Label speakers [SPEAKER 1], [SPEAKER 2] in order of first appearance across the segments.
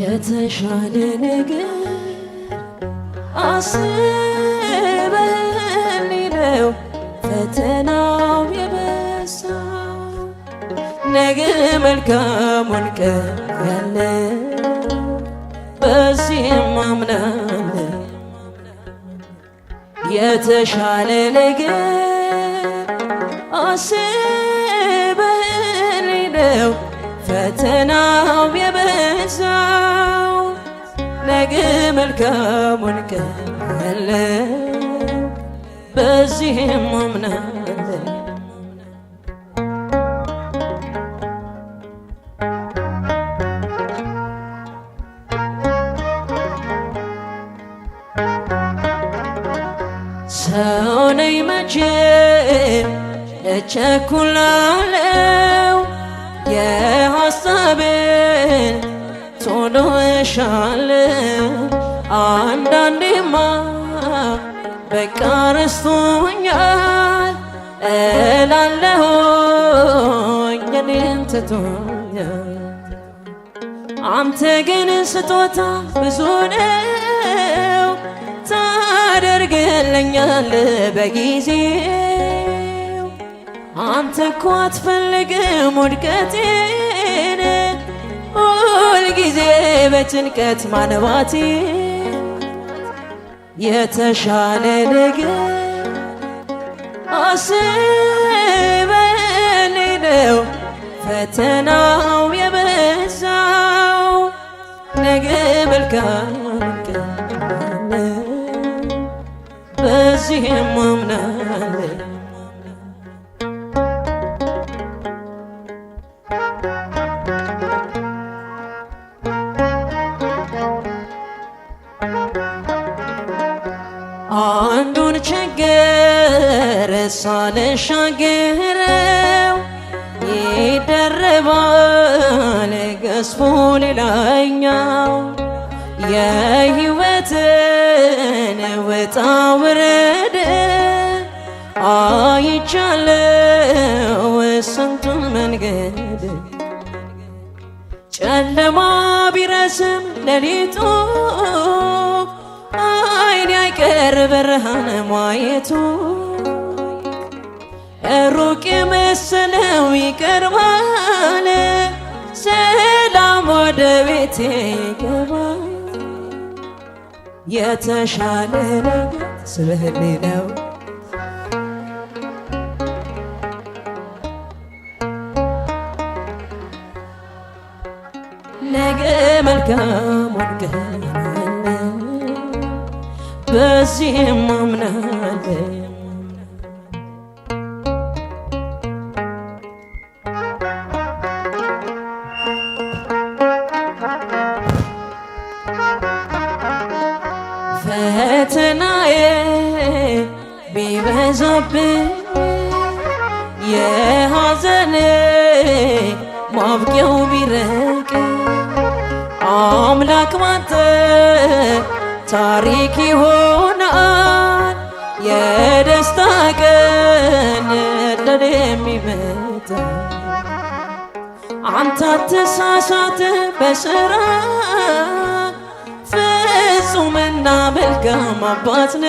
[SPEAKER 1] የተሻለ ነገር አስበህልኝ ነው ፈተናው የበዛው ነገ መልካሙን የተሻለ ነገር መልካሙን ቀለ በዚህም አምናለን ሰው ነኝ መቼም እቸኩላለው የሐሳቤን ቶሎ እሻለው አንዳንዴማ በቃ ረስቶኛል እላለሁኝ እኔን ትቶኛል። አንተ ግን ስጦታ ብዙ ነው ታደርግልኛል በጊዜው። አንተ እኮ አትፈልግም ውድቀቴን ሁልጊዜ በጭንቀት ማነባቴ የተሻለ ነገር አስበን ነው ፈተናው የበዛው። ነገ መልካም ቀን በዚህም አምናለን ሻገረው ይደረባል ገስፎ ሌላኛው የህይወትን ውጣ ውረድ አይቻለው ስንቱን መንገድ ጨለማ ቢረዝም ሌሊቱ አይን አይቀር ብርሃን ማየቱ ነው ይቀርባል ሰላም ወደ ቤቴ ይገባል የተሻለ ነገር ስለህሌ ነው ነገ መልካም ወድቀ በዚህም አምናለ አምላክ ባንተ ታሪክ ይሆናል የደስታ ቀን ለኔ የሚመጣ አንተ አትሳሳት በስራ ፍጹምና መልካም አባት ነ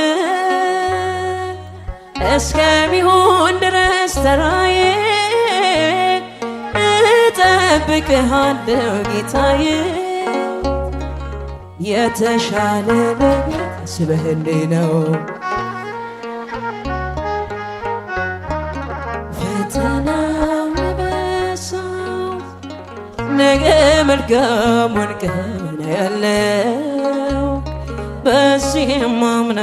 [SPEAKER 1] እስከሚሆን ድረስ ተራዬ እጠብቅሃለሁ ጌታዬ የተሻለ አስበህልኝ ነው ፈተና የበዛው ነገ መልካሙን ቀን ያለው በዚህም አምና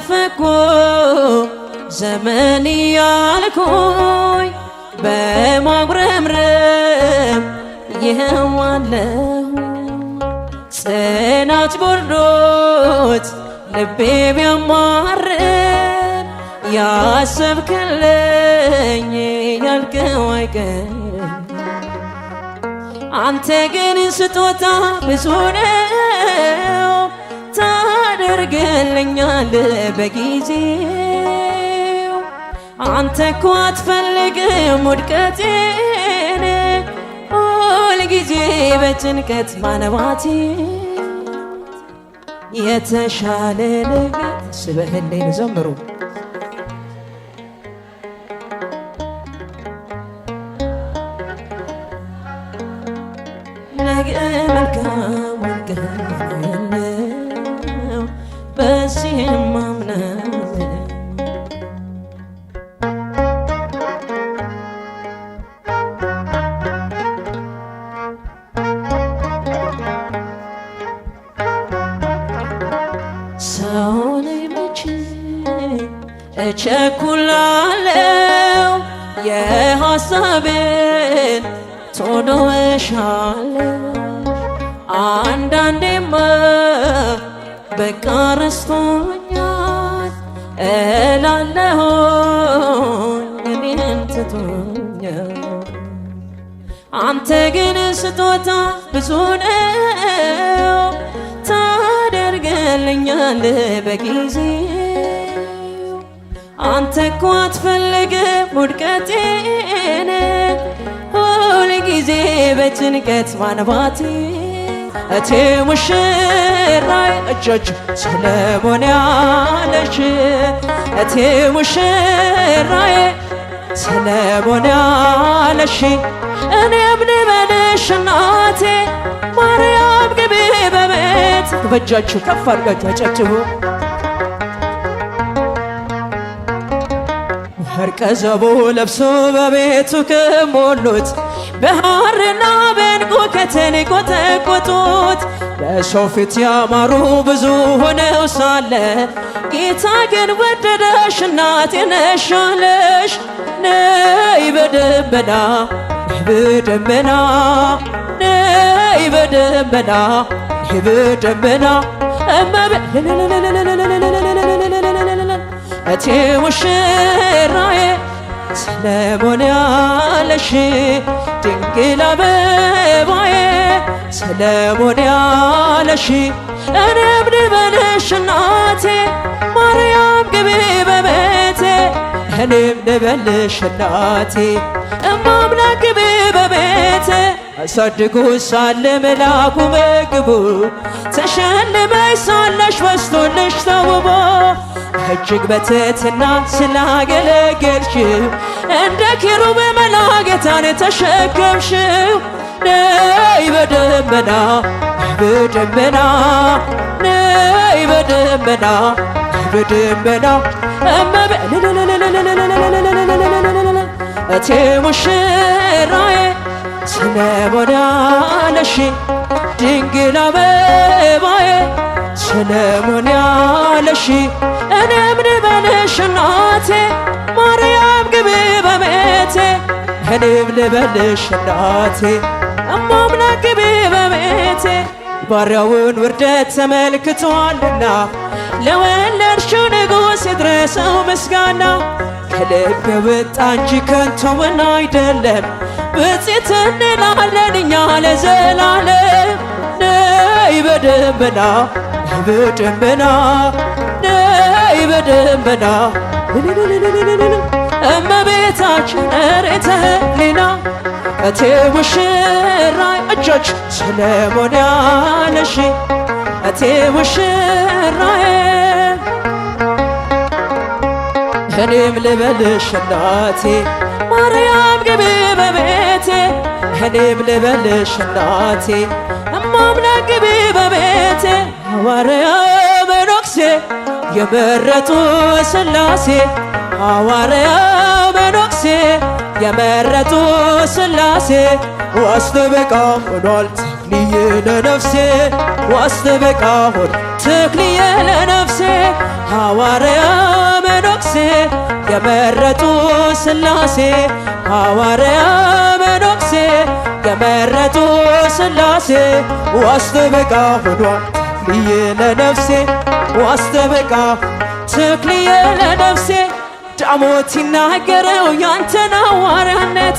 [SPEAKER 1] አለፈኮ ዘመን ያልኩኝ በማጉረምረም ይህዋለሁ ጽናት ቦርዶት ልቤ ቢያማርም ያሰብክልኝ ያልከው አይቀርም። አንተ ግን ስጦታ ብዙ ነው ታደርግልኛል በጊዜው አንተ እኮ አትፈልግም ውድቀቴን ሁልጊዜ በጭንቀት ማነባቴ የተሻለ ነገር ስበህልኝ ዘምሩ ቸኩላለው የሐሳቤን ቶሎ እሻለው አንዳንዴማ በቃ ረስቶኛል እላለሁ እኔን ትቶኛል አንተ ግን ስጦታ ብዙ ነው ታደርግልኛል በጊዜ አንተ እኮ አትፈልግም ውድቀቴን ሁል ጊዜ በጭንቀት ማነባቴ እቴ ሙሽራይ እጆች ሰለሞን ያለሽ እቴ ሙሽራይ ሰለሞን ያለሽ እኔም ልበልሽ እናቴ ማርያም ግቢ በቤት በእጃችሁ ከፍ አድርጋችሁ አጨብጭቡ ፈርቀ ዘቦ ለብሶ በቤቱ ከሞሉት በሐርና በዕንቁ ከተንቆጠቆጡት በሰው ፊት ያማሩ ብዙ ሆነው ሳለ ጌታ ግን ወደደሽ እናቴ ነሽ አለሽ። ነይ በደመና በደመና ነይ በደመና በደመና እመቤ እቴ ሙሽራዬ ስለሞን ያለሽ ድንግል አበባዬ ስለሞን ያለሽ እኔም ልበልሽ እናቴ ማርያም ግቢ በቤቴ እኔም ልበልሽ እናቴ እማምላክ ግቢ በቤቴ አሳድጉ ሳለ መላኩ መግቡ ተሸልመሽ ሳለሽ በስቶልሽ ተውቦ እጅግ በትትና ስላገለገልሽው እንደ ኪሩብ መላክ ጌታን ተሸከምሽው። ነይ በደመና በደመና ነይ በደመና በደመና እቴ ሙሽራዬ ስለ ድንግል አበባዬ ስለ እኔም ልበልሽ እናቴ ማርያም ግቢ በቤቴ እኔም ልበልሽ እናቴ እማምላክ ግቢ በቤቴ ባሪያውን ውርደት ተመልክቷልና ለወለድሽው ንጉሥ ይድረሰው ምስጋና ከልብ የወጣ እንጂ ከንቱ አይደለም ብፅዕት እንላለን እኛ ለዘላለም ነይ በደመና በደመና በደንበና እመቤታችን ሬተ ሊና እቴ ሙሽራይ እጆች ሰለሞን ያለሽ እቴ ሙሽራይ እኔም ልበልሽ እናቴ ማርያም ግቢ በቤቴ እኔም ልበልሽ እናቴ እማምላክ ግቢ በቤቴ ሐዋርያ ነፍሴ የመረጡ ስላሴ ሐዋርያው መነኩሴ የመረጡ ስላሴ ዋስተበቃ ሆኗል ትክልዬ ለነፍሴ ዋስተበቃ ሆኗል ትክልዬ ለነፍሴ ሐዋርያው መነኩሴ የመረጡ ስላሴ ሐዋርያው መነኩሴ የመረጡ ሥላሴ ዋስተበቃ ሆኗል ትክልዬ ለነፍሴ ዋስተበቃ ተክልዬ ለነፍሴ ዳሞት ሲናገረው ያንተን ሐዋርያነት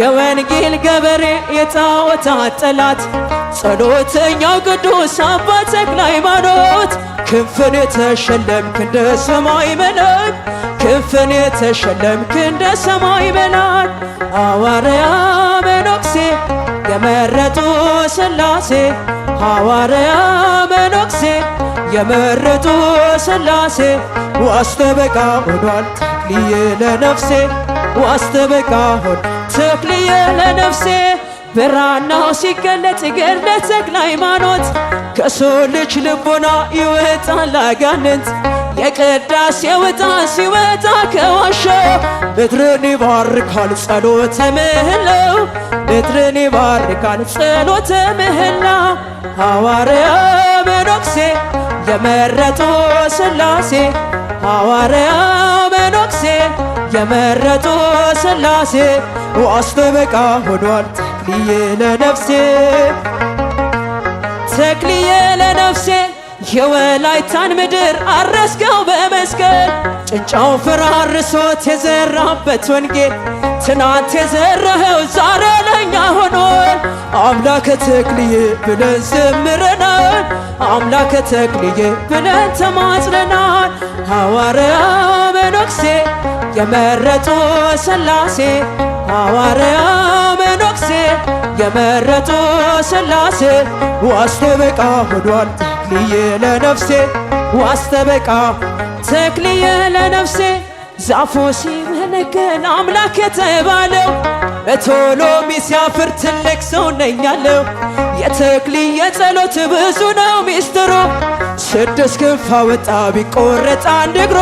[SPEAKER 1] የወንጌል ገበሬ የጣዖታት ጠላት ጸሎተኛው ቅዱስ አባ ተክለ ሃይማኖት ክንፍን የተሸለምክ እንደ ሰማይ መልአክ ክንፍን የተሸለምክ እንደ ሰማይ መልአክ ሐዋርያ መነኩሴ የመረጡ ስላሴ ሐዋርያ መነኩሴ የመረጡ ሥላሴ ዋስተበቃ ሆኗል ተክልዬ ለነፍሴ ዋስተበቃ ሆን ተክልዬ ለነፍሴ ብራናው ሲገለጥ ገድለ ተክለ ሃይማኖት ከሰው ልጅ ልቦና ይወጣል አጋንንት የቅዳሴ ወጣ ሲወጣ ከዋሻ ምድርን ይባርካል ጸሎተ ምህላው ምድርን ይባርካል ጸሎተ ምህላው ሐዋርያ መነኩሴ የመረጦ ስላሴ ሐዋርያ ዋስተበቃ ሆኗል ተክልዬ ለነፍሴ ተክልዬ ለነፍሴ የወላይታን ምድር አረስከው በመስቀል ጭንጫው ፈራርሶት የዘራበት ወንጌል ትናንት የዘራኸው ዛሬ ለኛ ሆኗል። አምላከ ተክልዬ ብለን ዘምረናል። አምላከ ተክልዬ ብለን ተማጽነናል። ሐዋርያ መነኩሴ የመረጡ ሥላሴ ሐዋርያ መነኩሴ የመረጠ ስላሴ ዋስተበቃ ሆኗል ተክልዬ ለነፍሴ ዋስተበቃ ተክልዬ ለነፍሴ ዛፎ ሲመነገን አምላክ የተባለው በቶሎ ሚሲያፍር ትልቅ ሰው ነኝ ያለው የተክልዬ ጸሎት ብዙ ነው ሚስጥሩ። ስድስት ክንፍ አወጣ ቢቆረጥ አንድ እግሩ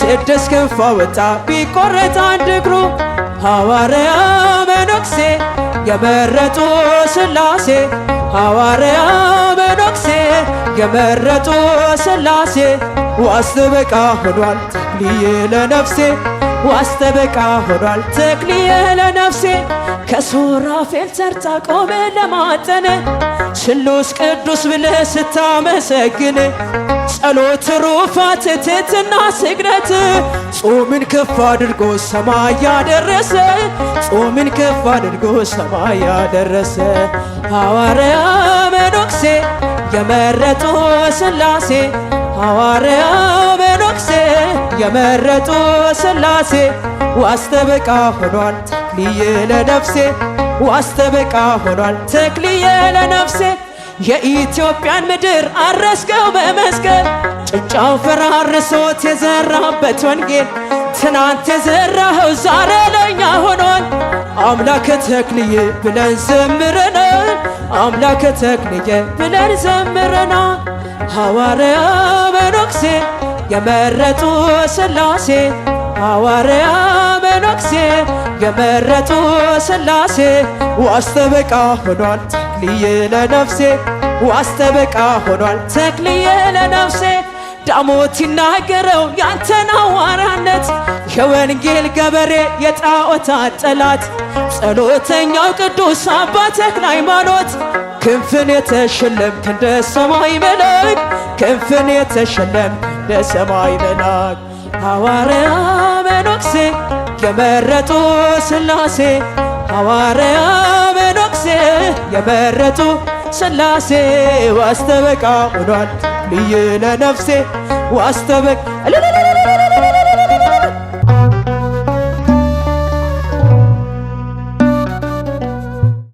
[SPEAKER 1] ስድስት ክንፍ አወጣ ቢቆረጥ አንድ እግሩ ሐዋርያ መነኩሴ የመረጡ ስላሴ ሐዋርያ መነኩሴ የመረጡ ስላሴ ዋስ በቃ ሆኗል ተክልዬ ለነፍሴ ዋስተበቃ ሆኗል ተክልዬ ለነፍሴ ከሱራፌል ተርታ ቆመ ለማጠነ ስሉስ ቅዱስ ብለ ስታመሰግን ጸሎት ሩፋት ትትና ስግደት ጾምን ከፍ አድርጎ ሰማይ ያደረሰ ጾምን ከፍ አድርጎ ሰማይ ያደረሰ ሐዋርያ መኖክሴ የመረጡ ስላሴ! ሐዋርያው በኖክሴ የመረጡ ስላሴ ዋስተበቃ ሆኗል ተክልዬ ለነፍሴ ዋስተበቃ ሆኗል ተክልዬ ለነፍሴ የኢትዮጵያን ምድር አረስከው በመስቀል ጭንጫው ፈራርሶት የዘራበት ወንጌል ትናንት የዘራኸው ዛሬ ለኛ ሆኗል። አምላከ ተክልዬ ብለን ዘምረናል። አምላከ ተክልዬ ብለን ዘምረናል። ሐዋርያ መነኩሴ የመረጡ ስላሴ ሐዋርያ መነኩሴ የመረጡ ሥላሴ ዋስጠበቃ ሆኗል ተክልዬ ለነፍሴ ዋስጠበቃ ሆኗል ተክልዬ ለነፍሴ ዳሞት ይናገረው ያንተን ሐዋርያነት የወንጌል ገበሬ የጣዖታት ጠላት ጸሎተኛው ቅዱስ አባ ተክለ ሃይማኖት ክንፍን የተሸለምክ እንደ ሰማይ መላክ ክንፍን የተሸለምክ እንደ ሰማይ መላክ ሐዋርያ መነኩሴ የመረጡ ስላሴ ሐዋርያ መነኩሴ የመረጡ ስላሴ ዋስተበቃ ሆኗል ልዩ ለነፍሴ ዋስተበቅ